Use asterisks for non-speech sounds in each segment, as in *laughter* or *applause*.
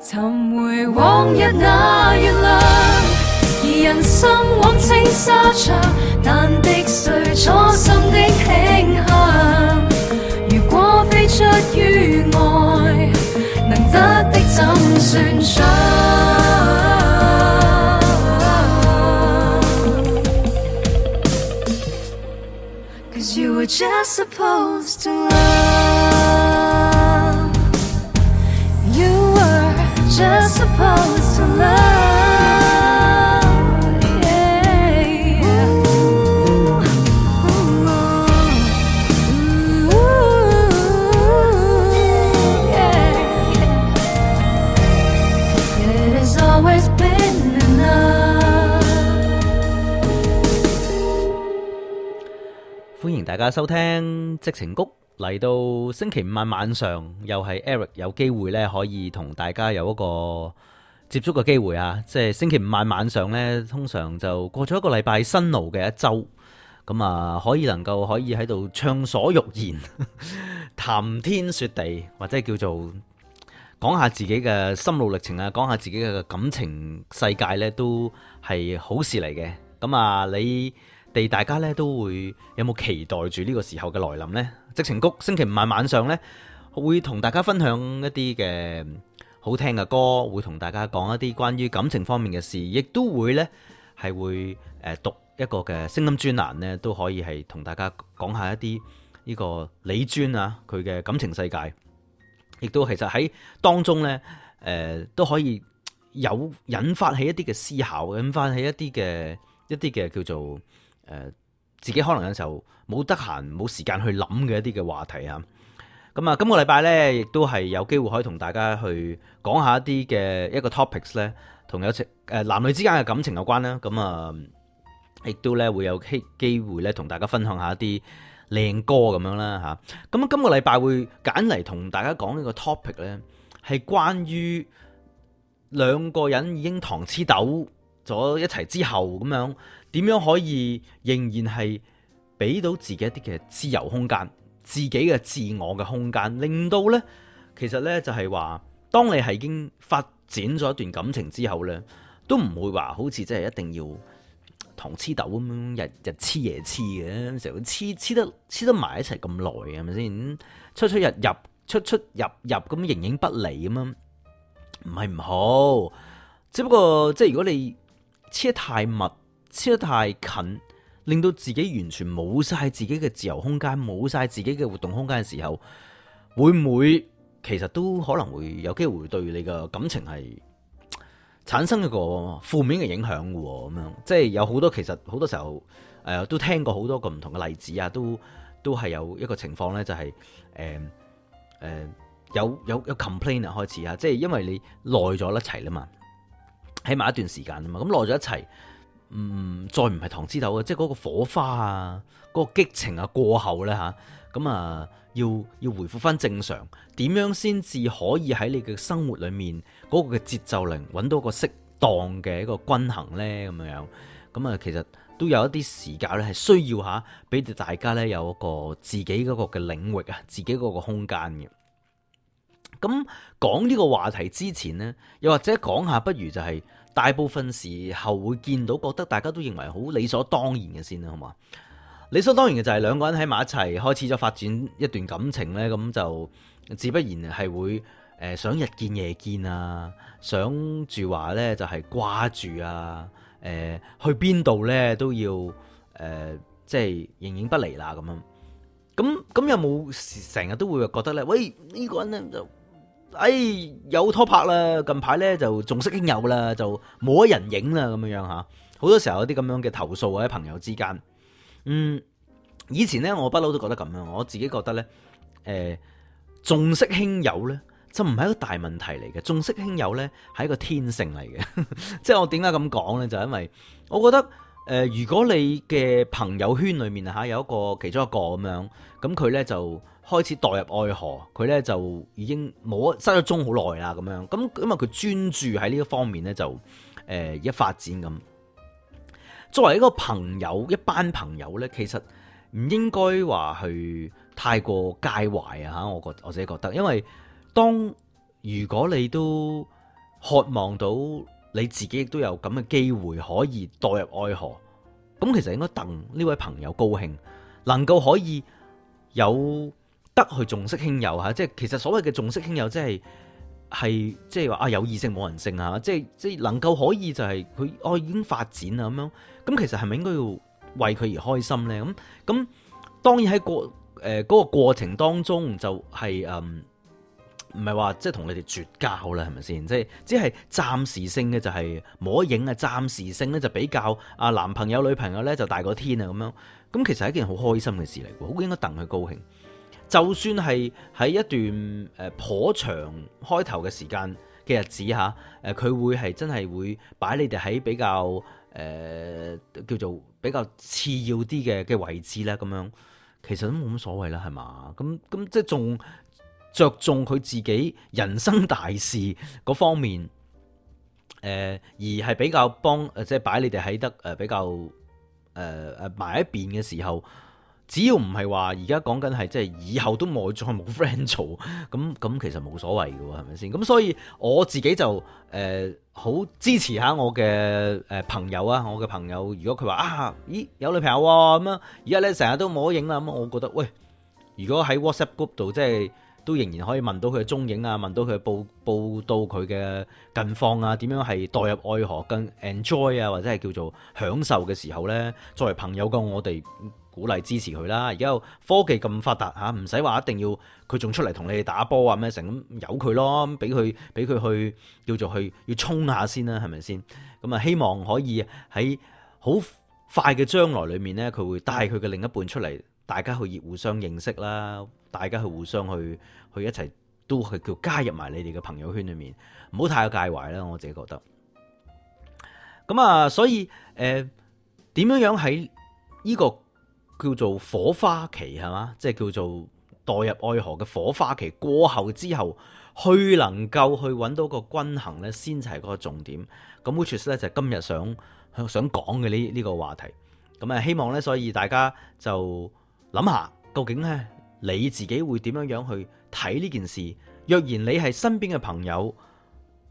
尋回往日那月亮。而人生往青沙場，難敵誰初心的慶幸。如果飛出於愛，能得的怎算傷？Cause you were just supposed to love. 大家收聽《矽情谷》，嚟到星期五晚晚上，又係 Eric 有機會咧，可以同大家有一個接觸嘅機會啊！即係星期五晚晚上咧，通常就過咗一個禮拜辛勞嘅一周，咁啊，可以能夠可以喺度暢所欲言，談天說地，或者叫做講下自己嘅心路歷程啊，講下自己嘅感情世界咧，都係好事嚟嘅。咁啊，你？地大家咧都會有冇期待住呢個時候嘅來臨呢？矽情谷星期五晚晚上呢，會同大家分享一啲嘅好聽嘅歌，會同大家講一啲關於感情方面嘅事，亦都會呢，係會誒讀一個嘅聲音專欄咧，都可以係同大家講下一啲呢個李尊啊佢嘅感情世界，亦都其實喺當中呢，誒、呃、都可以有引發起一啲嘅思考，引發起一啲嘅一啲嘅叫做。誒，自己可能有時候冇得閒冇時間去諗嘅一啲嘅話題啊，咁啊，今個禮拜呢，亦都係有機會可以同大家去講下一啲嘅一個 topics 咧，同有情誒男女之間嘅感情有關啦，咁啊，亦都呢會有機機會咧同大家分享下一啲靚歌咁樣啦吓，咁今個禮拜會揀嚟同大家講呢個 topic 呢係關於兩個人已經糖黐豆。咗一齊之後咁樣，點樣可以仍然係俾到自己一啲嘅自由空間，自己嘅自我嘅空間，令到呢其實呢，就係話，當你係已經發展咗一段感情之後呢，都唔會話好似即係一定要糖黐豆咁樣日日黐夜黐嘅，成日黐黐得黐得埋一齊咁耐係咪先？出出入入出出入入咁形影不離咁啊，唔係唔好，只不過即係如果你。黐得太密，黐得太近，令到自己完全冇晒自己嘅自由空間，冇晒自己嘅活動空間嘅時候，會唔會其實都可能會有機會對你嘅感情係產生一個負面嘅影響嘅？咁樣即係有好多其實好多時候誒、呃、都聽過好多個唔同嘅例子啊，都都係有一個情況呢，就係誒誒有有有 complain 啊開始啊，即係因為你耐咗一齊啦嘛。喺埋一段時間啊嘛，咁耐咗一齊，嗯，再唔係糖黐豆啊，即係嗰個火花啊，嗰個激情啊過後咧吓，咁啊，要要回復返正常，點樣先至可以喺你嘅生活裏面嗰個嘅節奏，能搵到一個適當嘅一個均衡咧，咁樣，咁啊，其實都有一啲時間咧，係需要吓，俾住大家咧有一個自己嗰個嘅領域啊，自己嗰個空間嘅。咁講呢個話題之前呢，又或者講下，不如就係大部分時候會見到，覺得大家都認為好理所當然嘅先啦，好嘛？理所當然嘅就係兩個人喺埋一齊，開始咗發展一段感情呢。咁就自不然係會誒、呃、想日見夜見啊，想住話呢就係掛住啊，誒、呃、去邊度呢都要誒、呃、即係形影不離啦咁樣。咁咁有冇成日都會覺得呢？喂呢、呢個人呢。就。哎，有拖拍啦！近排咧就重色輕友啦，就冇乜人影啦，咁樣樣吓。好多時候有啲咁樣嘅投訴啊，喺朋友之間。嗯，以前呢，我不嬲都覺得咁樣，我自己覺得呢，誒、呃，重色輕友呢，就唔係一個大問題嚟嘅，重色輕友呢，係一個天性嚟嘅。 *laughs* 即係我點解咁講呢？就因為我覺得誒、呃，如果你嘅朋友圈裏面吓、啊、有一個其中一個咁樣，咁佢呢就。開始墮入愛河，佢咧就已經冇失咗蹤好耐啦，咁樣咁，因為佢專注喺呢一方面咧，就誒一發展咁。作為一個朋友，一班朋友咧，其實唔應該話去太過介懷啊吓，我覺我自己覺得，因為當如果你都渴望到你自己亦都有咁嘅機會可以墮入愛河，咁其實應該戥呢位朋友高興，能夠可以有。得去重色輕友吓，即係其實所謂嘅重色輕友，就是，即係係即係話啊有異性冇人性即係即係能夠可以就係、是、佢已經發展啊咁樣，咁其實係咪應該要為佢而開心咧？咁咁當然喺過誒嗰，呃那個過程當中就係誒唔係話即係同你哋絕交啦，係咪先？即係只係暫時性嘅，就是，就係摸影啊，暫時性咧就比較啊男朋友女朋友咧就大過天啊咁樣，咁其實係一件好開心嘅事嚟，好應該戥佢高興。就算係喺一段誒頗長開頭嘅時間嘅日子嚇，誒佢會係真係會擺你哋喺比較誒、呃、叫做比較次要啲嘅嘅位置咧，咁樣其實都冇乜所謂啦，係嘛？咁咁即係仲着重佢自己人生大事嗰方面，誒、呃、而係比較幫誒即係擺你哋喺得誒比較誒誒埋一邊嘅時候。只要唔係話而家講緊係，即係以後都冇再冇 friend 做，咁咁其實冇所謂嘅喎，係咪先？咁所以我自己就誒好、呃、支持下我嘅誒朋友啊，我嘅朋友如果佢話啊，咦有女朋友啊咁樣，而家咧成日都冇得影啦，咁我覺得喂，如果喺 WhatsApp group 度即係都仍然可以問到佢嘅蹤影啊，問到佢報報到佢嘅近況啊，點樣係代入愛河更 enjoy 啊，或者係叫做享受嘅時候呢，作為朋友嘅我哋。鼓勵支持佢啦，而家科技咁發達嚇，唔使話一定要佢仲出嚟同你哋打波啊咩成咁，由佢咯，俾佢俾佢去叫做去要衝下先啦，係咪先？咁啊，希望可以喺好快嘅將來裏面呢，佢會帶佢嘅另一半出嚟，大家去互相認識啦，大家去互相去去一齊都去叫加入埋你哋嘅朋友圈裏面，唔好太過介懷啦，我自己覺得。咁啊，所以誒，點、呃、樣樣喺呢個？叫做火花期係嘛，即係叫做墮入愛河嘅火花期過後之後，去能夠去揾到個均衡咧，先係個重點。咁 which 咧就係今日想想講嘅呢呢個話題。咁啊，希望咧，所以大家就諗下，究竟咧你自己會點樣樣去睇呢件事？若然你係身邊嘅朋友，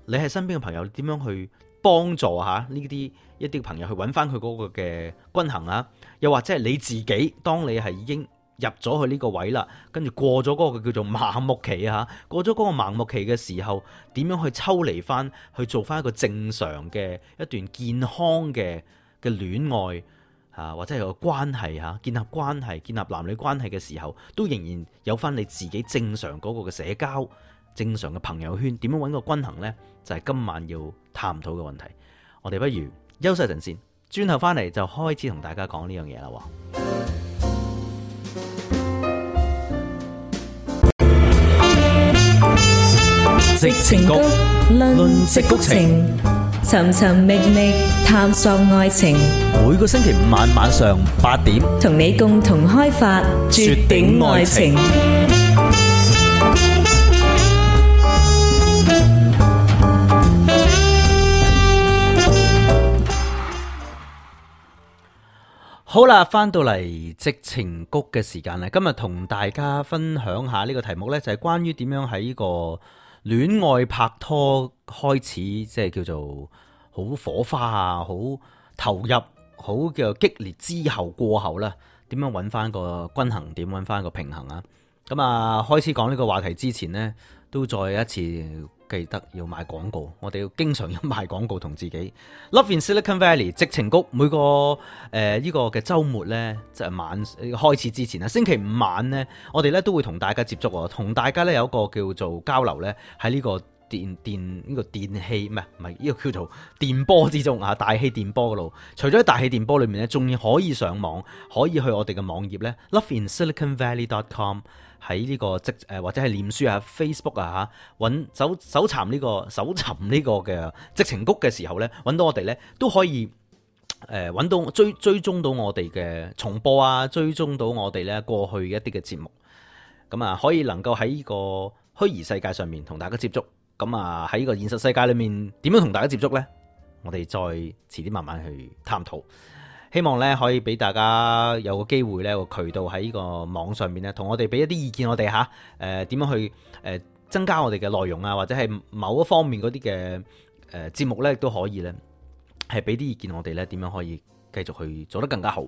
你係身邊嘅朋友，點樣去幫助吓呢啲？一啲朋友去揾翻佢嗰個嘅均衡啊，又或者係你自己，當你係已經入咗去呢個位啦，跟住過咗嗰個叫做盲目期啊，過咗嗰個盲目期嘅時候，點樣去抽離翻去做翻一個正常嘅一段健康嘅嘅戀愛啊，或者係個關係啊，建立關係、建立男女關係嘅時候，都仍然有翻你自己正常嗰個嘅社交、正常嘅朋友圈，點樣揾個均衡呢？就係今晚要探討嘅問題。我哋不如～休息陣先，轉頭翻嚟就開始同大家講呢樣嘢啦。矽情谷，論矽情情，尋尋覓覓探索愛情。每個星期五晚晚上八點，同你共同開發絕頂愛情。好啦，翻到嚟，矽情谷嘅時間咧，今日同大家分享下呢個題目呢，就係關於點樣喺呢個戀愛拍拖開始，即係叫做好火花啊，好投入，好嘅激烈之後過後啦，點樣揾翻個均衡，點揾翻個平衡啊？咁啊，開始講呢個話題之前呢，都再一次。記得要賣廣告，我哋要經常要賣廣告同自己。Love in Silicon Valley，矽情谷每個誒呢、呃呢個嘅週末呢，即係晚開始之前啊，星期五晚呢，我哋呢都會同大家接觸，同大家呢，有一個叫做交流呢，喺呢個電呢、呢個電氣唔係唔係呢個叫做電波之中啊，大氣電波嗰度。除咗喺大氣電波裏面呢，仲可以上網，可以去我哋嘅網頁呢 Love in Silicon Valley dot com。喺呢、這個職誒或者係臉書啊 Facebook 啊吓，揾搜搜尋呢個搜尋呢個嘅矽情谷嘅時候呢，揾到我哋呢，都可以誒揾、呃、到追追蹤到我哋嘅重播啊，追蹤到我哋呢過去一啲嘅節目，咁啊可以能夠喺呢個虛擬世界上面同大家接觸，咁啊喺呢個現實世界裏面點樣同大家接觸呢？我哋再遲啲慢慢去探討。希望咧可以俾大家有個機會咧個渠道喺呢個網上面咧，同我哋俾一啲意見我哋吓，誒、呃、點樣去增加我哋嘅內容啊，或者係某一方面嗰啲嘅誒節目咧，都可以咧，係俾啲意見我哋咧，點樣可以繼續去做得更加好。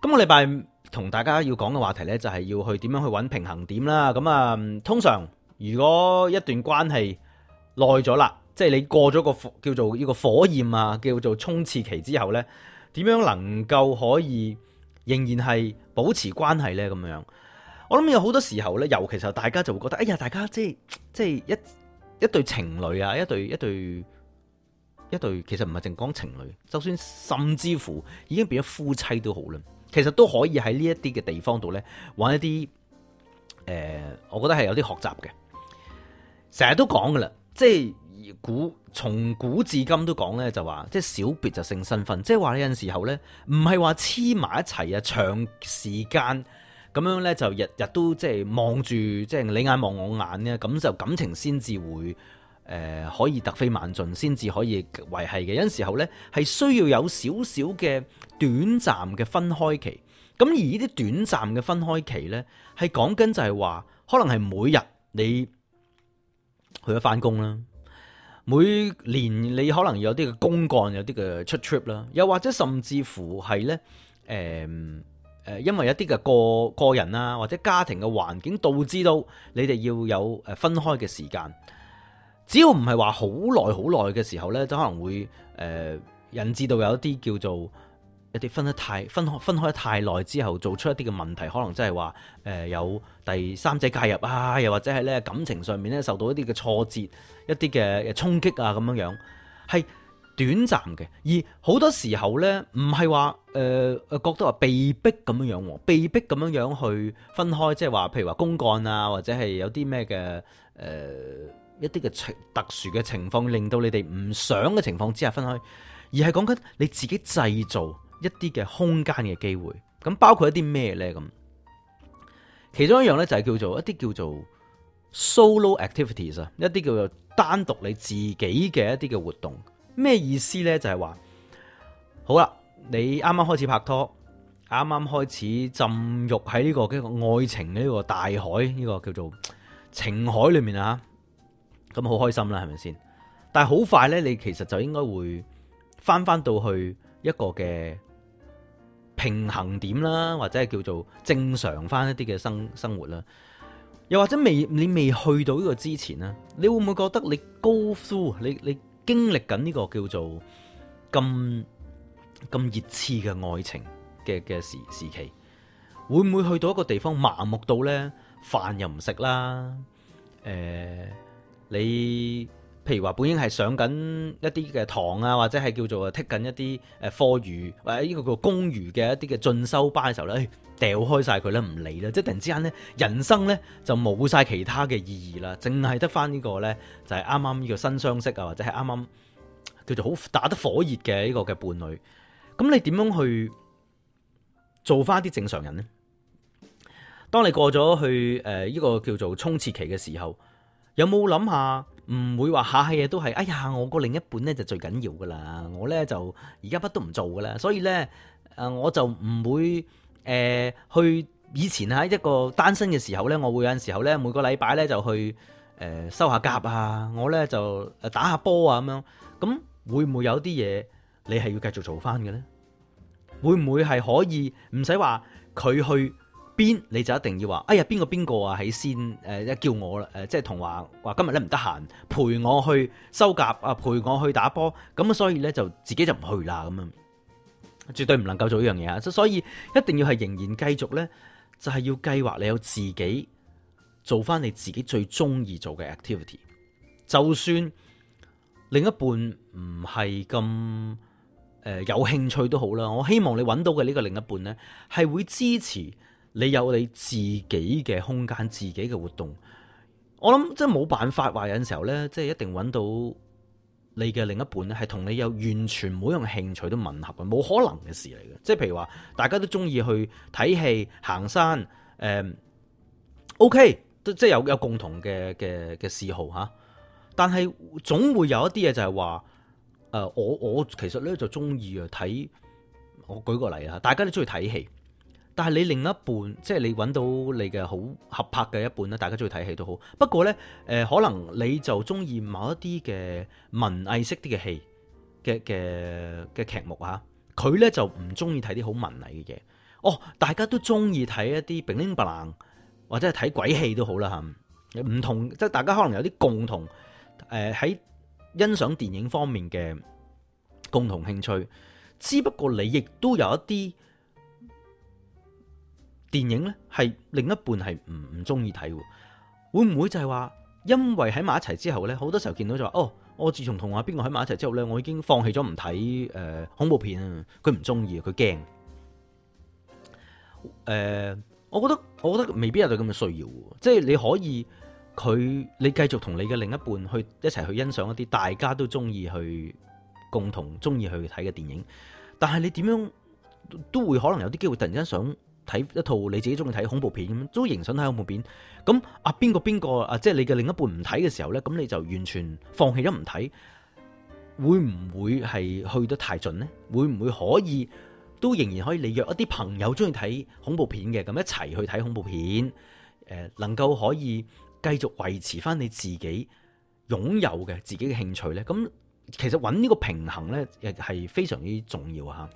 今個禮拜同大家要講嘅話題咧，就係要去點樣去揾平衡點啦。咁啊，通常如果一段關係耐咗啦，即係你過咗個叫做呢個火焰啊，叫做衝刺期之後咧。點樣能夠可以仍然係保持關係呢？咁樣，我諗有好多時候呢，尤其是大家就會覺得，哎呀，大家即係即係一一對情侶啊，一對一對一對，其實唔係淨講情侶，就算甚至乎已經變咗夫妻都好啦，其實都可以喺呢一啲嘅地方度呢，玩一啲，誒，我覺得係有啲學習嘅，成日都講噶啦，即係。古從古至今都講咧，就話即係小別就勝新婚，即係話有陣時候咧，唔係話黐埋一齊啊，長時間咁樣咧就日日都即係望住即係你眼望我眼咧，咁就感情先至會誒、呃、可以突飛猛進，先至可以維係嘅。有陣時候咧係需要有少少嘅短暫嘅分開期，咁而呢啲短暫嘅分開期咧係講緊就係話，可能係每日你去咗翻工啦。每年你可能有啲嘅公幹，有啲嘅出 trip 啦，又或者甚至乎係呢，誒、呃、誒，因為一啲嘅個個人啊，或者家庭嘅環境導致到你哋要有誒分開嘅時間，只要唔係話好耐好耐嘅時候呢，就可能會誒、呃、引致到有一啲叫做。一啲分得太分開，分開得太耐之後，做出一啲嘅問題，可能真係話誒有第三者介入啊，又或者係咧感情上面咧受到一啲嘅挫折，一啲嘅誒衝擊啊咁樣樣，係短暫嘅。而好多時候咧，唔係話誒誒覺得話被逼咁樣樣喎，被逼咁樣樣去分開，即係話譬如話公幹啊，或者係有啲咩嘅誒一啲嘅特殊嘅情況，令到你哋唔想嘅情況之下分開，而係講緊你自己製造。一啲嘅空間嘅機會，咁包括一啲咩呢？咁，其中一樣呢，就係叫做一啲叫做 solo activities 啊，一啲叫做單獨你自己嘅一啲嘅活動。咩意思呢？就係話好啦，你啱啱開始拍拖，啱啱開始浸浴喺呢個嘅愛情呢個大海，呢個叫做情海裏面啊，咁好開心啦，係咪先？但係好快呢，你其實就應該會返返到去一個嘅。平衡點啦，或者係叫做正常返一啲嘅生生活啦。又或者未你未去到呢個之前呢，你會唔會覺得你 go through 你你經歷緊呢個叫做咁咁熱刺嘅愛情嘅嘅時時期，會唔會去到一個地方麻木到呢？飯又唔食啦？誒、呃，你。譬如話本應係上緊一啲嘅堂啊，或者係叫做啊剔緊一啲誒課餘或者呢個叫公餘嘅一啲嘅進修班嘅時候咧，掉開曬佢咧，唔理啦，即係突然之間咧，人生咧就冇曬其他嘅意義啦，淨係得翻呢個咧就係啱啱呢個新相識啊，或者係啱啱叫做好打得火熱嘅呢個嘅伴侶，咁你點樣去做翻啲正常人咧？當你過咗去誒呢個叫做衝刺期嘅時候，有冇諗下？唔會話下下嘢都係，哎呀，我個另一半呢就最緊要㗎喇，我呢就而家乜都唔做㗎喇，所以呢，誒我就唔會誒、呃、去以前喺一個單身嘅時，時候呢，我會有陣時候呢每個禮拜呢就去誒、呃、收下甲啊，我呢就誒打下波啊咁樣，咁會唔會有啲嘢你係要繼續做返嘅呢？會唔會係可以唔使話佢去？邊你就一定要話，哎呀，邊個邊個啊喺先誒、呃，一叫我啦，誒、呃，即係同話話今日咧唔得閒，陪我去修甲啊，陪我去打波，咁所以咧就自己就唔去啦，咁啊，絕對唔能夠做呢樣嘢啊，所以一定要係仍然繼續咧，就係、是、要計劃你有自己做翻你自己最中意做嘅 activity，就算另一半唔係咁誒有興趣都好啦，我希望你揾到嘅呢個另一半咧係會支持。你有你自己嘅空間，自己嘅活動，我諗即係冇辦法話有陣時候咧，即係一定揾到你嘅另一半咧，係同你有完全每一樣興趣都吻合嘅，冇可能嘅事嚟嘅。即係譬如話，大家都中意去睇戲、行山，誒、嗯、，OK，都即係有有共同嘅嘅嘅嗜好吓。但係總會有一啲嘢就係話，誒、呃，我我其實咧就中意啊睇，我舉個例啊，大家都中意睇戲。但係你另一半，即係你揾到你嘅好合拍嘅一半咧，大家中意睇戲都好。不過咧，誒可能你就中意某一啲嘅文藝式啲嘅戲嘅嘅嘅劇目啊，佢咧就唔中意睇啲好文藝嘅嘢。哦，大家都中意睇一啲 b l 白 n 或者係睇鬼戲都好啦，啊唔同即係大家可能有啲共同誒喺欣賞電影方面嘅共同興趣。只不過你亦都有一啲。電影呢，係另一半係唔唔中意睇，會唔會就係話因為喺埋一齊之後呢，好多時候見到就話哦，我自從同我阿邊個喺埋一齊之後呢，我已經放棄咗唔睇誒恐怖片啊，佢唔中意，佢驚。誒，我覺得我覺得未必有咁嘅需要，即係你可以佢你繼續同你嘅另一半去一齊去欣賞一啲大家都中意去共同中意去睇嘅電影，但，但係你點樣都會可能有啲機會突然間想，睇一套你自己中意睇恐怖片咁，都仍想睇恐怖片。咁啊，邊個邊個啊，即係你嘅另一半唔睇嘅時候呢，咁你就完全放棄咗唔睇，會唔會係去得太盡呢？會唔會可以都仍然可以你約一啲朋友中意睇恐怖片嘅咁一齊去睇恐怖片？誒，能夠可以繼續維持翻你自己擁有嘅自己嘅興趣呢？咁其實揾呢個平衡呢，亦係非常之重要吓。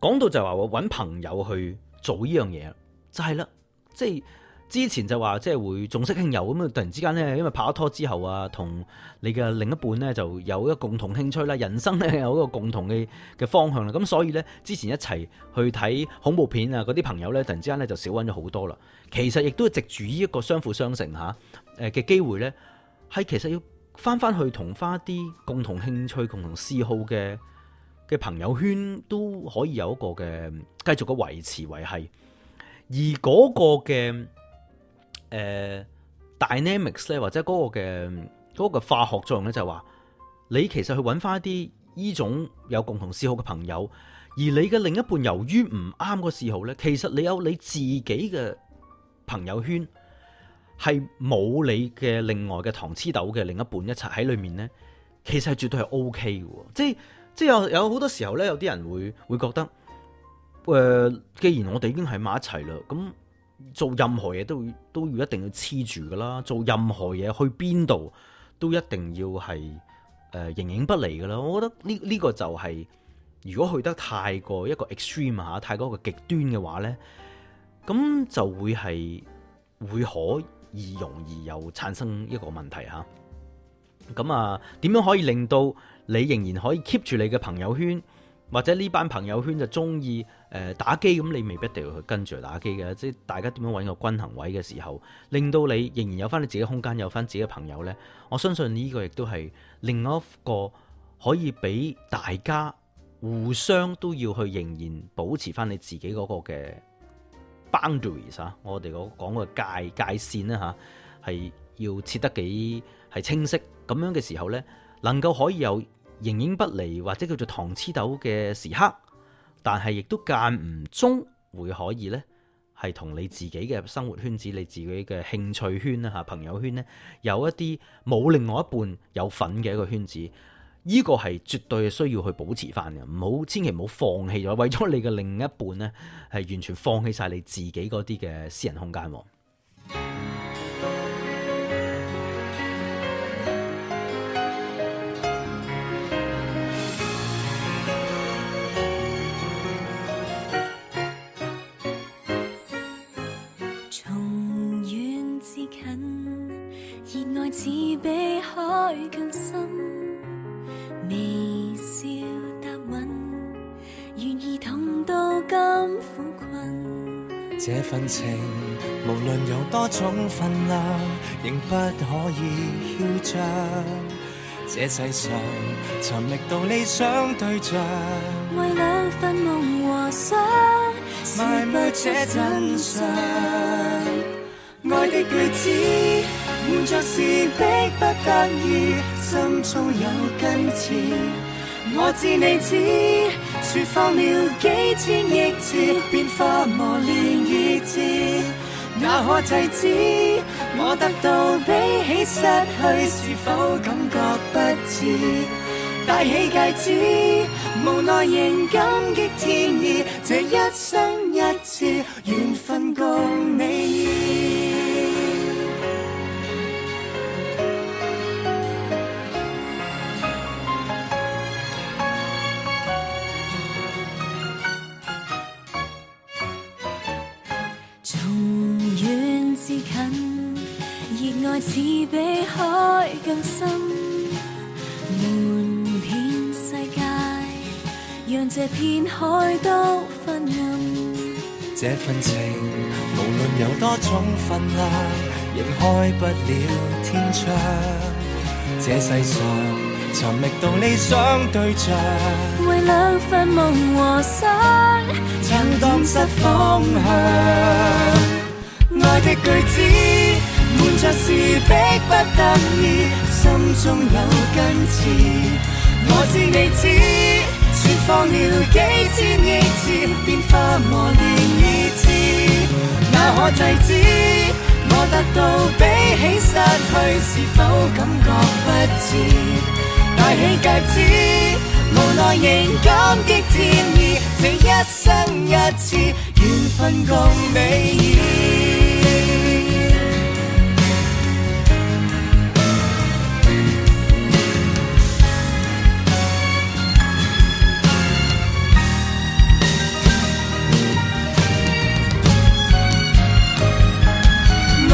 講到就話我搵朋友去做呢樣嘢，就係啦，即係之前就話即係會重色輕友咁啊！突然之間咧，因為拍咗拖之後啊，同你嘅另一半咧就有一個共同興趣啦，人生咧有一個共同嘅嘅方向啦，咁所以咧之前一齊去睇恐怖片啊嗰啲朋友咧，突然之間咧就少揾咗好多啦。其實亦都係藉住呢一個相輔相成吓誒嘅機會咧，係其實要翻翻去同翻啲共同興趣、共同嗜好嘅。嘅朋友圈都可以有一個嘅繼續嘅維持維係，而嗰個嘅誒、呃、dynamics 咧，或者嗰個嘅嗰、那個化學作用咧，就話、是、你其實去揾翻一啲依種有共同嗜好嘅朋友，而你嘅另一半由於唔啱個嗜好咧，其實你有你自己嘅朋友圈係冇你嘅另外嘅糖黐豆嘅另一半一齊喺裏面咧，其實係絕對係 OK 嘅，即係。即有有好多時候咧，有啲人會會覺得，誒、呃，既然我哋已經喺埋一齊啦，咁做任何嘢，都都要一定要黐住噶啦，做任何嘢去邊度都一定要係誒、呃、形影不離噶啦。我覺得呢呢、這個就係、是、如果去得太過一個 extreme 吓，太過一個極端嘅話咧，咁就會係會可易容易又產生一個問題吓。咁啊，點樣可以令到你仍然可以 keep 住你嘅朋友圈，或者呢班朋友圈就中意誒打機，咁你未必一定要去跟住打機嘅。即係大家點樣揾個均衡位嘅時候，令到你仍然有翻你自己空間，有翻自己嘅朋友咧。我相信呢個亦都係另一個可以俾大家互相都要去仍然保持翻你自己嗰個嘅 boundaries 啊，我哋講講個界界線啦吓，係要設得幾係清晰，咁樣嘅時候咧，能夠可以有。形影不離或者叫做糖黐豆嘅時刻，但係亦都間唔中會可以呢，係同你自己嘅生活圈子、你自己嘅興趣圈啦、朋友圈呢，有一啲冇另外一半有份嘅一個圈子，呢個係絕對需要去保持翻嘅，唔好千祈唔好放棄咗，為咗你嘅另一半呢，係完全放棄晒你自己嗰啲嘅私人空間。份情，無論有多重分量，仍不可以囂張。這世上，尋覓到理想對象，為兩份夢和想，顯不，不出真相。愛的句子，換作是迫不得已，心中有根刺，我知你知。說放了幾千億次，變化磨練意志，哪可制止？我得到比起失去，是否感覺不值？戴起戒指，無奈仍感激天意，這一生一次，緣分共你。比海更深，瞞遍世界，讓這片海都昏暗。這份情，無論有多重分量，亦開不了天窗。這世上，尋覓到理想對象，為兩份夢和想，曾丟失方向。愛的句子。伴着是迫不得已，心中有根刺。我知你知，說謊了幾千億次，變化磨練已知，那可制止？我得到比起失去，是否感覺不支？戴起戒指，無奈仍感激天意，這一生一次，緣分共你已。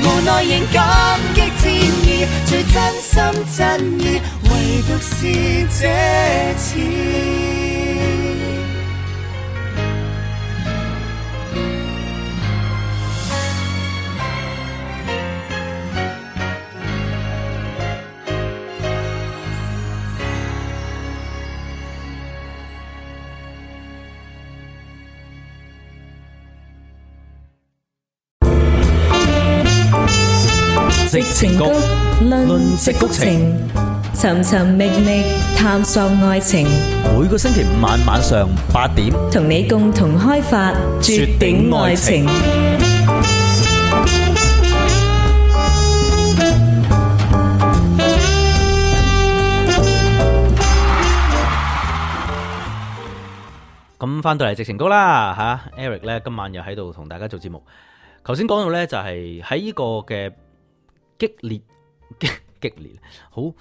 無奈仍感激天意，最真心真意，唯獨是這次。矽情谷論矽情，尋尋覓覓探索愛情。每個星期五晚晚上八點，同你共同開發絕頂愛情。咁返到嚟矽情谷啦，吓，Eric 咧，今晚又喺度同大家做節目。頭先講到咧，就係喺呢個嘅。激烈，激激烈，好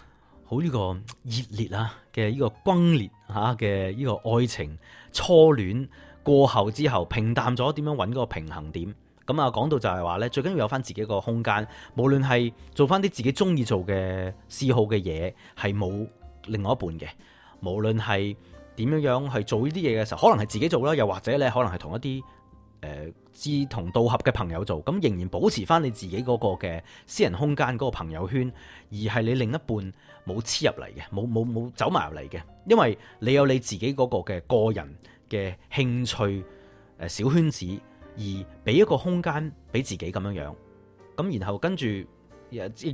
好呢個熱烈啊嘅呢個轟烈吓嘅呢個愛情初戀過後之後平淡咗，點樣搵個平衡點？咁啊講到就係話呢，最緊要有翻自己個空間，無論係做翻啲自己中意做嘅嗜好嘅嘢，係冇另外一半嘅，無論係點樣樣去做呢啲嘢嘅時候，可能係自己做啦，又或者呢，可能係同一啲。誒，志同道合嘅朋友做，咁仍然保持返你自己嗰個嘅私人空間嗰個朋友圈，而係你另一半冇黐入嚟嘅，冇冇冇走埋入嚟嘅，因為你有你自己嗰個嘅個人嘅興趣誒小圈子，而俾一個空間俾自己咁樣樣，咁然後跟住誒，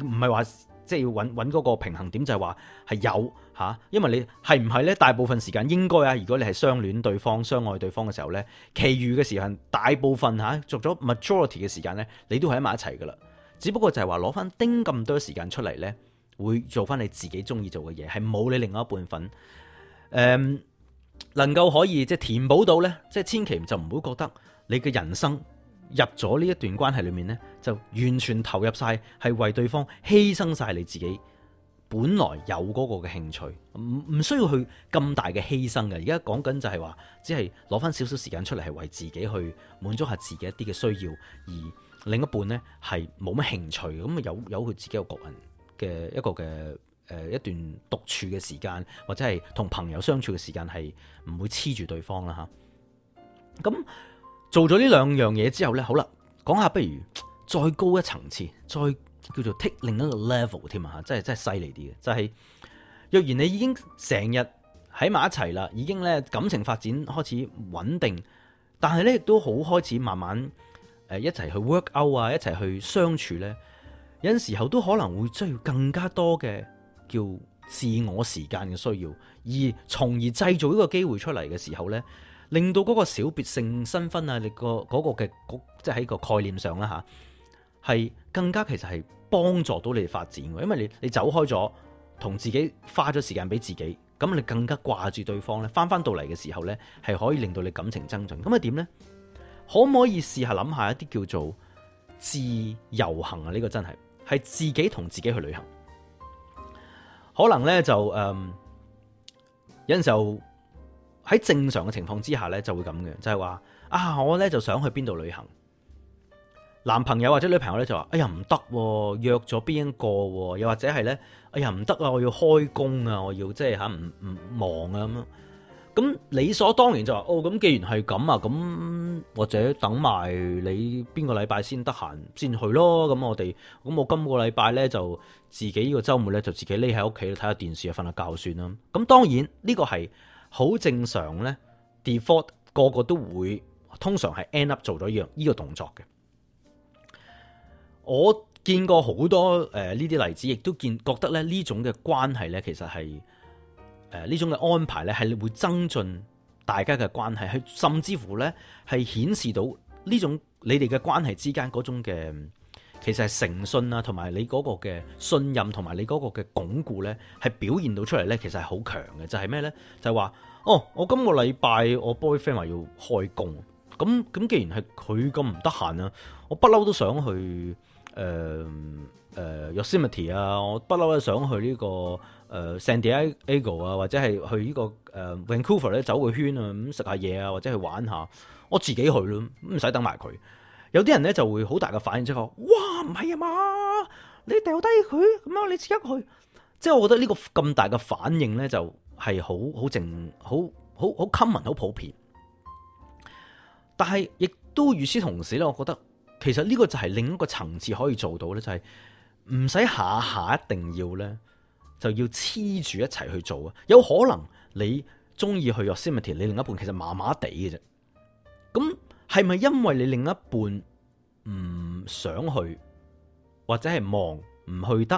唔係話。即係要揾揾嗰個平衡點，就係話係有吓，因為你係唔係咧？大部分時間應該啊，如果你係相戀對方、相愛對方嘅時候咧，其餘嘅時間大部分吓，做咗 majority 嘅時間咧，你都係喺埋一齊噶啦。只不過就係話攞翻丁咁多時間出嚟咧，會做翻你自己中意做嘅嘢，係冇你另外一半份誒，能夠可以即係填補到咧，即係千祈就唔好覺得你嘅人生。入咗呢一段關係裏面呢，就完全投入晒，係為對方犧牲晒你自己本來有嗰個嘅興趣，唔唔需要去咁大嘅犧牲嘅。而家講緊就係話，只係攞返少少時間出嚟，係為自己去滿足下自己一啲嘅需要，而另一半呢，係冇乜興趣，咁有有佢自己個個人嘅一個嘅誒一段獨處嘅時間，或者係同朋友相處嘅時間係唔會黐住對方啦吓，咁。做咗呢兩樣嘢之後呢，好啦，講下不如再高一層次，再叫做 take 另一個 level 添啊，真係真係犀利啲嘅，就係若然你已經成日喺埋一齊啦，已經呢感情發展開始穩定，但係呢亦都好開始慢慢誒一齊去 work out 啊，一齊去相處呢，有陣時候都可能會需要更加多嘅叫自我時間嘅需要，而從而製造呢個機會出嚟嘅時候呢。令到嗰個小別勝新婚啊，你、嗰個嗰、嗰個嘅嗰即係喺個概念上啦，吓，係更加其實係幫助到你哋發展嘅，因為你你走開咗，同自己花咗時間俾自己，咁你更加掛住對方咧，翻翻到嚟嘅時候咧，係可以令到你感情增長。咁啊點咧？可唔可以試下諗下一啲叫做自由行啊？呢、呢個真係係自己同自己去旅行，可能咧就嗯有陣時候。喺正常嘅情況之下咧，就會咁嘅，就係話啊，我咧就想去邊度旅行，男朋友或者女朋友咧就話，哎呀唔得，約咗邊個，又或者係咧，哎呀唔得啊，我要開工啊，我要即係吓唔唔忙啊咁樣，咁理所當然就話，哦咁既然係咁啊，咁或者等埋你邊個禮拜先得閒先去咯，咁我哋，咁我今個禮拜咧就自己呢個周末咧就自己匿喺屋企睇下電視啊，瞓下覺算啦。咁當然呢個係。好正常咧，default 個個都會通常係 end up 做咗呢樣呢個動作嘅。我見過好多誒呢啲例子，亦都見覺得咧呢種嘅關係咧，其實係誒呢種嘅安排咧，係會增進大家嘅關係，係甚至乎咧係顯示到呢種你哋嘅關係之間嗰種嘅。其實係誠信啊，同埋你嗰個嘅信任同埋你嗰個嘅鞏固咧，係表現到出嚟咧，其實係好強嘅。就係咩咧？就係、是、話，哦，我今個禮拜我 boyfriend 話要開工，咁咁既然係佢咁唔得閒啊，我不嬲都想去誒誒 Yosemite 啊，呃呃、Yosemite，我不嬲都想去呢、這個誒 San Diego 啊，呃、Diego，或者係去呢、這個誒、呃、Vancouver 咧走個圈啊，咁食下嘢啊，或者去玩下，我自己去咯，唔使等埋佢。有啲人咧就會好大嘅反應出嚟，哇！唔係啊嘛，你掉低佢咁啊，你即刻去？即係我覺得呢個咁大嘅反應咧，就係好好靜，好好好 common，好普遍。但係亦都與此同時咧，我覺得其實呢個就係另一個層次可以做到咧，就係唔使下下一定要咧，就要黐住一齊去做啊。有可能你中意去 Yosemite 你另一半其實麻麻地嘅啫。咁。係咪因為你另一半唔想去，或者係忙唔去得，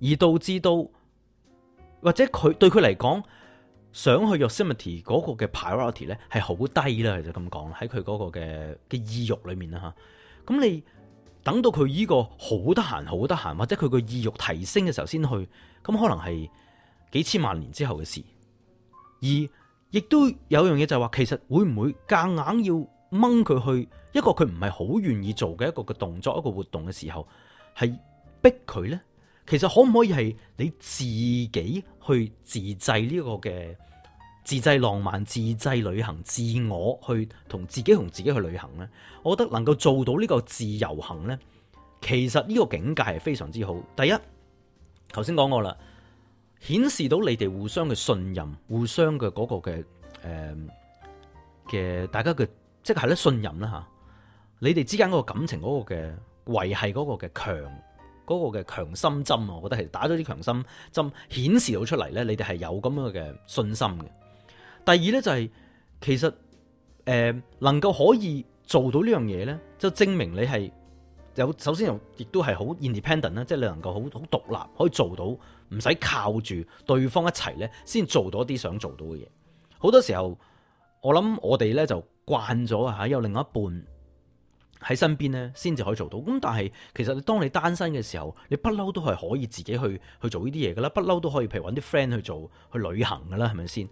而導致到或者佢對佢嚟講想去 Yosemite 嗰個嘅 priority 咧係好低啦，就咁講喺佢嗰個嘅嘅意欲裏面啦吓。咁你等到佢呢個好得閒好得閒，或者佢個意欲提升嘅時候先去，咁可能係幾千萬年之後嘅事。而亦都有樣嘢就係話，其實會唔會夾硬要？掹佢去一個佢唔係好願意做嘅一個嘅動作，一個活動嘅時候係逼佢呢？其實可唔可以係你自己去自製呢個嘅自製浪漫、自製旅行、自我去同自己同自己去旅行呢？我覺得能夠做到呢個自由行呢，其實呢個境界係非常之好。第一，頭先講過啦，顯示到你哋互相嘅信任、互相嘅嗰個嘅誒嘅大家嘅。即係咧，信任啦吓，你哋之間嗰個感情，嗰個嘅維繫嗰個嘅強，嗰個嘅強心針啊，我覺得係打咗啲強心針，顯示到出嚟咧，你哋係有咁樣嘅信心嘅。第二咧就係、是、其實誒、呃，能夠可以做到這事呢樣嘢咧，就證明你係有首先又亦都係好 independent 啦，即係你能夠好好獨立，可以做到唔使靠住對方一齊咧，先做到一啲想做到嘅嘢。好多時候我諗我哋咧就。慣咗啊吓，有另外一半喺身邊咧，先至可以做到。咁但係，其實你當你單身嘅時候，你不嬲都係可以自己去去做呢啲嘢噶啦，不嬲都可以，譬如揾啲 friend 去做去旅行噶啦，係咪先？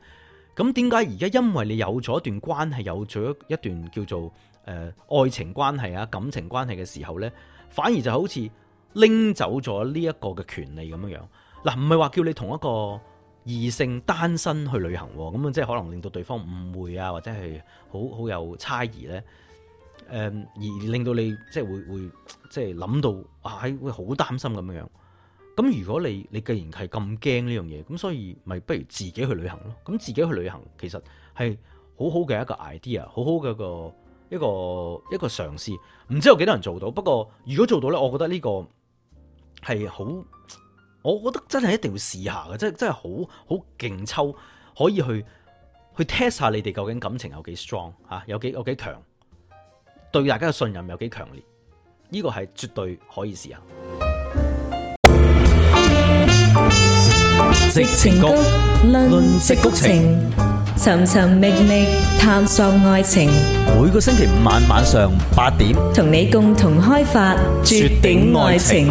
咁點解而家因為你有咗一段關係，有咗一段叫做誒、呃、愛情關係啊感情關係嘅時候呢，反而就好似拎走咗呢一個嘅權利咁樣樣，啊，嗱，唔係話叫你同一個。異性單身去旅行，咁啊，即係可能令到對方誤會啊，或者係好好有猜疑咧。誒，而令到你即係會會即係諗到啊，係會好擔心咁樣。咁如果你你既然係咁驚呢樣嘢，咁所以咪不如自己去旅行咯。咁自己去旅行其實係好好嘅一個 idea，好好嘅一個一個一個嘗試。唔知有幾多人做到？不過如果做到咧，我覺得呢個係好。我覺得真係一定要試下嘅，真真係好好勁抽，可以去去 test 下你哋究竟感情有幾 strong，吓，有幾有幾強，對大家嘅信任有幾強烈，呢個係絕對可以試下。直情論情，尋尋覓覓探索愛情。每個星期五晚晚上八點，同你共同開發絕頂愛情。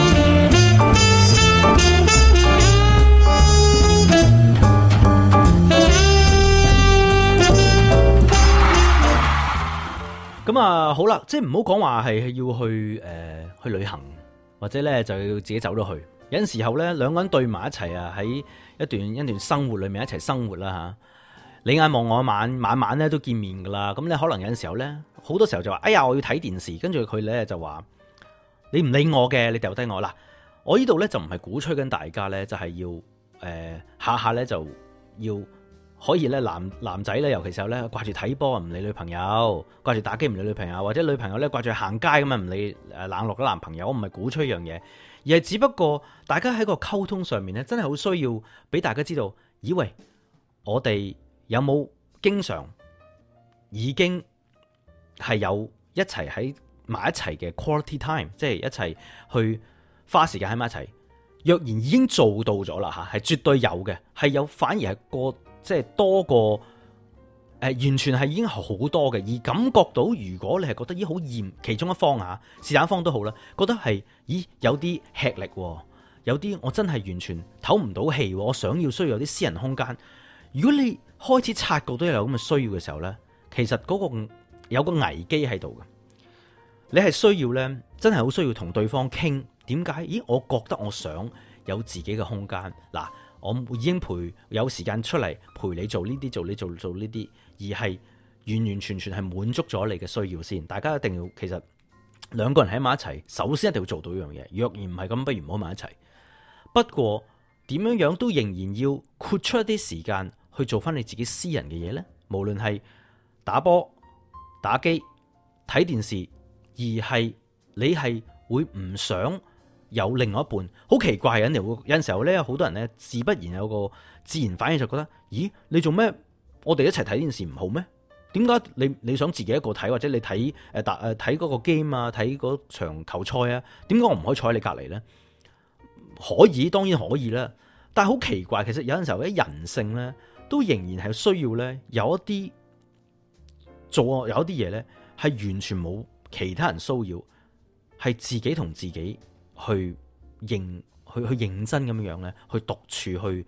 咁啊，好啦，即係唔好講話係要去誒、呃、去旅行，或者咧就要自己走咗去。有陣時候咧，兩個人對埋一齊啊，喺一段一段生活裏面一齊生活啦吓、啊。你眼望我晚晚晚咧都見面噶啦，咁咧可能有陣時候咧，好多時候就話，哎呀，我要睇電視，跟住佢咧就話你唔理我嘅，你掉低我啦。我呢度咧就唔係鼓吹緊大家咧，就係、是、要誒、呃、下下咧就要。可以咧，男男仔咧，尤其是有咧掛住睇波唔理女朋友，掛住打機唔理女朋友，或者女朋友咧掛住行街咁啊，唔理誒，冷落咗男朋友。我唔係鼓吹一樣嘢，而係只不過大家喺個溝通上面咧，真係好需要俾大家知道。咦，喂，我哋有冇經常已經係有一齊喺埋一齊嘅 quality time，即係一齊去花時間喺埋一齊？若然已經做到咗啦，吓係絕對有嘅，係有反而係個。即係多過誒、呃，完全係已經好多嘅，而感覺到如果你係覺得咦好厭，其中一方啊，是但一方都好啦，覺得係咦有啲吃力，有啲我真係完全唞唔到氣，我想要需要有啲私人空間。如果你開始察覺到有咁嘅需要嘅時候呢，其實嗰個有個危機喺度嘅，你係需要呢，真係好需要同對方傾。點解？咦，我覺得我想有自己嘅空間嗱。我已經陪有時間出嚟陪你做呢啲，做你做做呢啲，而係完完全全係滿足咗你嘅需要先。大家一定要其實兩個人喺埋一齊，首先一定要做到呢樣嘢。若然唔係咁，不如唔好埋一齊。不過點樣樣都仍然要豁出一啲時間去做返你自己私人嘅嘢呢？無論係打波、打機、睇電視，而係你係會唔想？有另外一半，好奇怪啊！有有陣時候咧，好多人咧，自不然有個自然反應就覺得，咦，你做咩？我哋一齊睇電視，唔好咩？點解你你想自己一個睇，或者你睇誒打誒睇嗰個 game 啊，睇嗰場球賽啊？點解我唔可以坐喺你隔籬咧？可以，當然可以啦。但係好奇怪，其實有陣時候啲人性咧，都仍然係需要咧，有一啲做有一啲嘢咧，係完全冇其他人騷擾，係自己同自己。去認去去認真咁樣樣咧，去獨處，去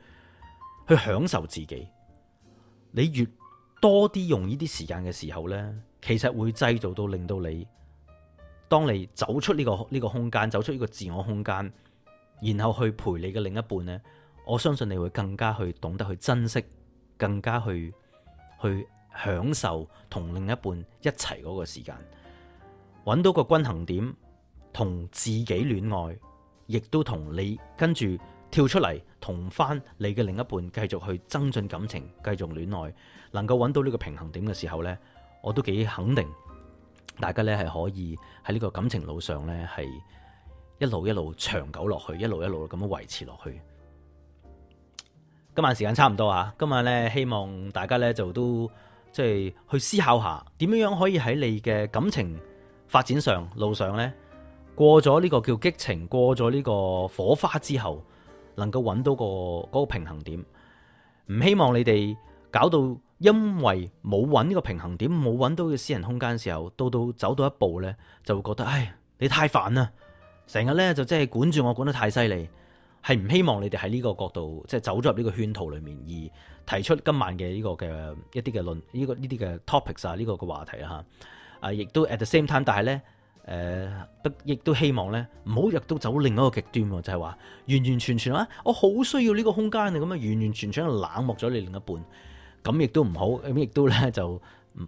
去享受自己。你越多啲用呢啲時間嘅時候呢，其實會製造到令到你，當你走出呢個呢個空間，走出呢個自我空間，然後去陪你嘅另一半呢，我相信你會更加去懂得去珍惜，更加去去享受同另一半一齊嗰個時間，揾到個均衡點。同自己戀愛，亦都同你跟住跳出嚟，同翻你嘅另一半繼續去增進感情，繼續戀愛，能夠揾到呢個平衡點嘅時候呢，我都幾肯定，大家呢係可以喺呢個感情路上呢，係一路一路長久落去，一路一路咁樣維持落去。今晚時間差唔多啊，今晚呢希望大家呢，就都即係去思考下，點樣可以喺你嘅感情發展上路上呢。過咗呢個叫激情，過咗呢個火花之後，能夠揾到、個、嗰個平衡點，唔希望你哋搞到因為冇揾呢個平衡點，冇揾到嘅私人空間嘅時候，到到走到一步呢，就會覺得，唉，你太煩啦，成日呢就即係管住我管得太犀利，係唔希望你哋喺呢個角度，即係走咗入呢個圈套裏面而提出今晚嘅呢、呢個嘅一啲嘅論呢、呢個呢啲嘅 topics 啊呢個嘅話題啊，啊，亦都 at the same time，但係呢。誒，亦都希望咧，唔好入到走另一個極端喎，就係話完完全全啊，我好需要呢個空間啊，咁啊，完完全全冷漠咗你另一半，咁亦都唔好，咁亦都咧就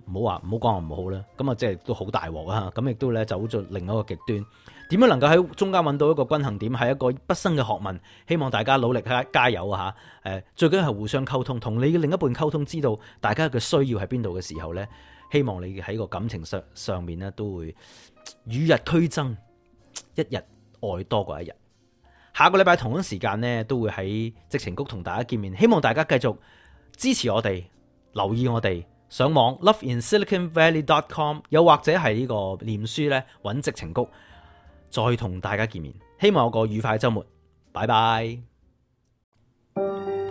唔好話唔好講話唔好啦，咁啊，即係都好大鑊啊，咁亦都咧走咗另一個極端，點樣能夠喺中間揾到一個均衡點，係一個畢生嘅學問，希望大家努力加油啊嚇！誒，最緊係互相溝通，同你嘅另一半溝通，知道大家嘅需要喺邊度嘅時候咧，希望你喺個感情上上面咧都會。與日俱增，一日愛多過一日。下個禮拜同一時間呢，都會喺矽情谷同大家見面。希望大家繼續支持我哋，留意我哋上網 loveinsiliconvalley.com，又或者係呢個臉書呢，揾矽情谷再同大家見面。希望有個愉快嘅周末，拜拜。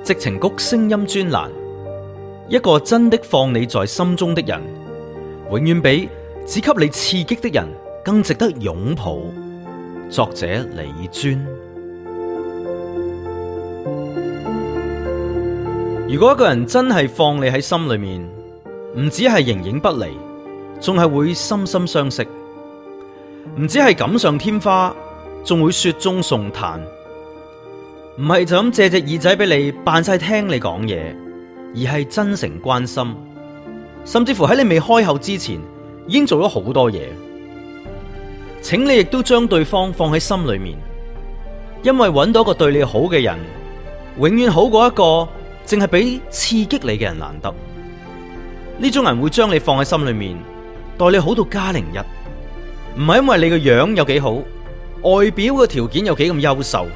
矽情谷聲音專欄，一個真的放你在心中的人，永遠比只給你刺激的人。更值得擁抱。作者李尊。如果一個人真係放你喺心裏面，唔止係形影不離，仲係會心心相惜。唔止係錦上添花，仲會雪中送炭。唔係就咁借隻耳仔俾你扮晒聽你講嘢，而係真誠關心。甚至乎喺你未開口之前，已經做咗好多嘢。請你亦都將對方放喺心裏面，因為揾到一個對你好嘅人，永遠好過一個淨係俾刺激你嘅人難得。呢種人會將你放喺心裏面，待你好到加零一。唔係因為你嘅樣有幾好，外表嘅條件有幾咁優秀，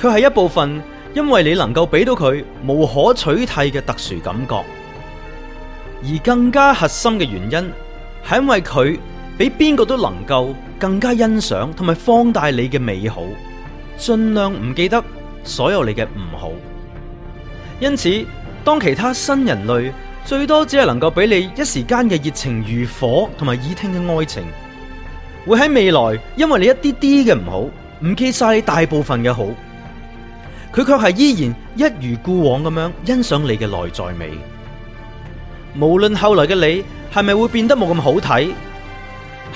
佢係一部分，因為你能夠俾到佢無可取替嘅特殊感覺。而更加核心嘅原因係因為佢。比邊個都能夠更加欣賞同埋放大你嘅美好，盡量唔記得所有你嘅唔好。因此，當其他新人類最多只係能夠俾你一時間嘅熱情如火同埋耳聽嘅愛情，會喺未來因為你一啲啲嘅唔好，唔記晒你大部分嘅好，佢卻係依然一如既往咁樣欣賞你嘅內在美。無論後來嘅你係咪會變得冇咁好睇。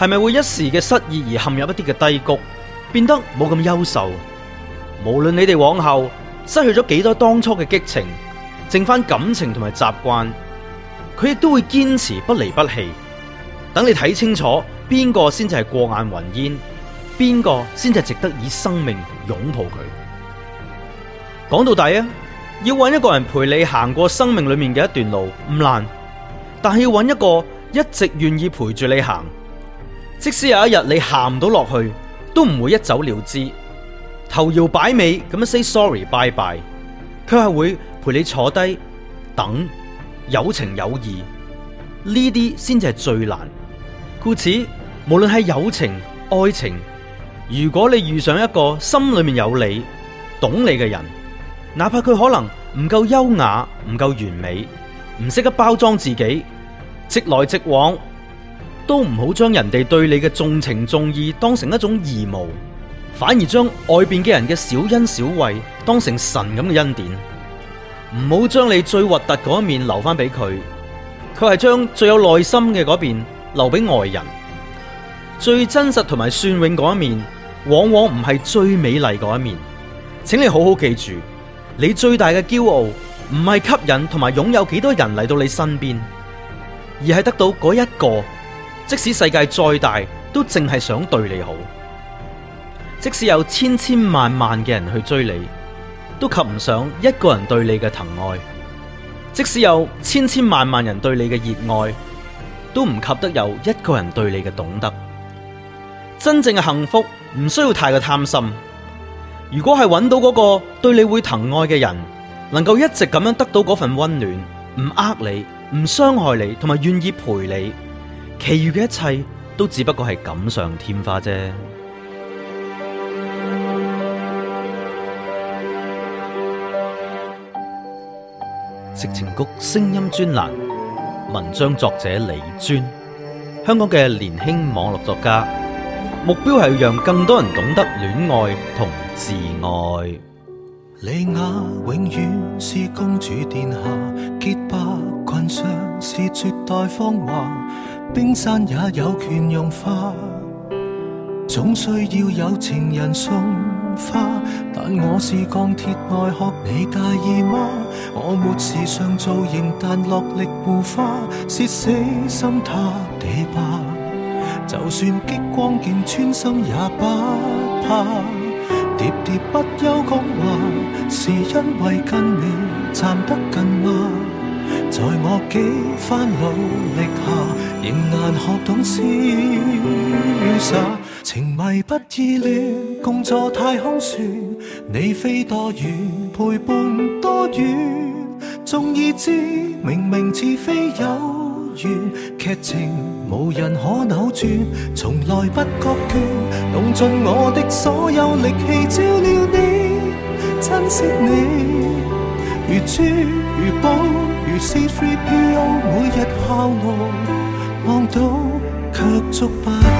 係咪會一時嘅失意而陷入一啲嘅低谷，變得冇咁優秀？無論你哋往後失去咗幾多當初嘅激情，剩翻感情同埋習慣，佢亦都會堅持不離不棄。等你睇清楚邊個先至係過眼雲煙，邊個先至係值得以生命擁抱佢。講到底啊，要揾一個人陪你行過生命裏面嘅一段路唔難，但係要揾一個一直願意陪住你行。即使有一日你行唔到落去，都唔會一走了之，頭搖擺尾咁樣 say sorry bye bye，佢係會陪你坐低等，有情有義呢啲先至係最難。故此，無論係友情、愛情，如果你遇上一個心裏面有你、懂你嘅人，哪怕佢可能唔夠優雅、唔夠完美、唔識得包裝自己，直來直往。都唔好將人哋對你嘅重情重義當成一種義務，反而將外邊嘅人嘅小恩小惠當成神咁嘅恩典。唔好將你最核突嗰一面留翻俾佢，佢係將最有耐心嘅嗰邊留俾外人。最真實同埋算永嗰一面，往往唔係最美麗嗰一面。請你好好記住，你最大嘅驕傲唔係吸引同埋擁有幾多人嚟到你身邊，而係得到嗰一個。即使世界再大，都淨係想對你好；即使有千千萬萬嘅人去追你，都及唔上一個人對你嘅疼愛。即使有千千萬萬人對你嘅熱愛，都唔及得有一個人對你嘅懂得。真正嘅幸福唔需要太過貪心。如果係揾到嗰個對你會疼愛嘅人，能夠一直咁樣得到嗰份溫暖，唔呃你，唔傷害你，同埋願意陪你。其餘嘅一切都只不過係錦上添花啫。《矽情谷聲音專欄》文章作者李尊，香港嘅年輕網絡作家，目標係讓更多人懂得戀愛同自愛。莉亞永遠是公主殿下，潔白裙上是絕代芳華，冰山也有權融化。總需要有情人送花，但我是鋼鐵外殼，你介意嗎？我沒時尚造型，但落力護花，是死心塌地吧？就算激光劍穿心也不怕。喋喋不休講話，是因為跟你站得近嗎，啊？在我幾番努力下，仍難學懂瀟灑、啊。 *noise* 情迷不意亂，共坐太空船，你飛多遠，陪伴多遠，終已知，明明似非有。劇情無人可扭轉，從來不覺倦，用盡我的所有力氣照料你，珍惜你，如珠如寶，如 C-3PO，每日效勞，望到卻足不。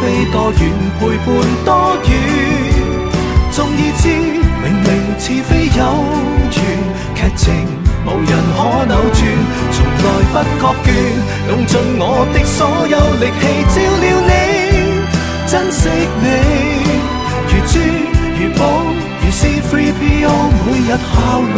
飛多遠，陪伴多遠，縱已知，明明似非有緣，劇情無人可扭轉，從來不覺倦，用盡我的所有力氣，照料你，珍惜你，如珠如寶，如 C3PO 每日孝。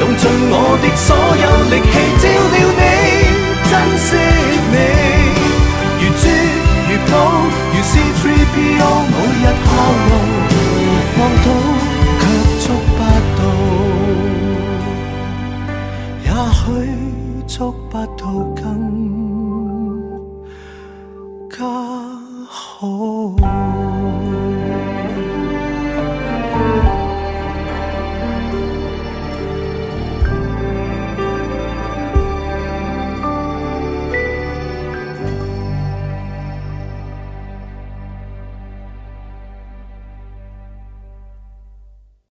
用盡我的所有力氣照料你，珍惜你，如珠如寶，如 C3PO，每日下樓望到卻觸不到，也許觸不到更加好。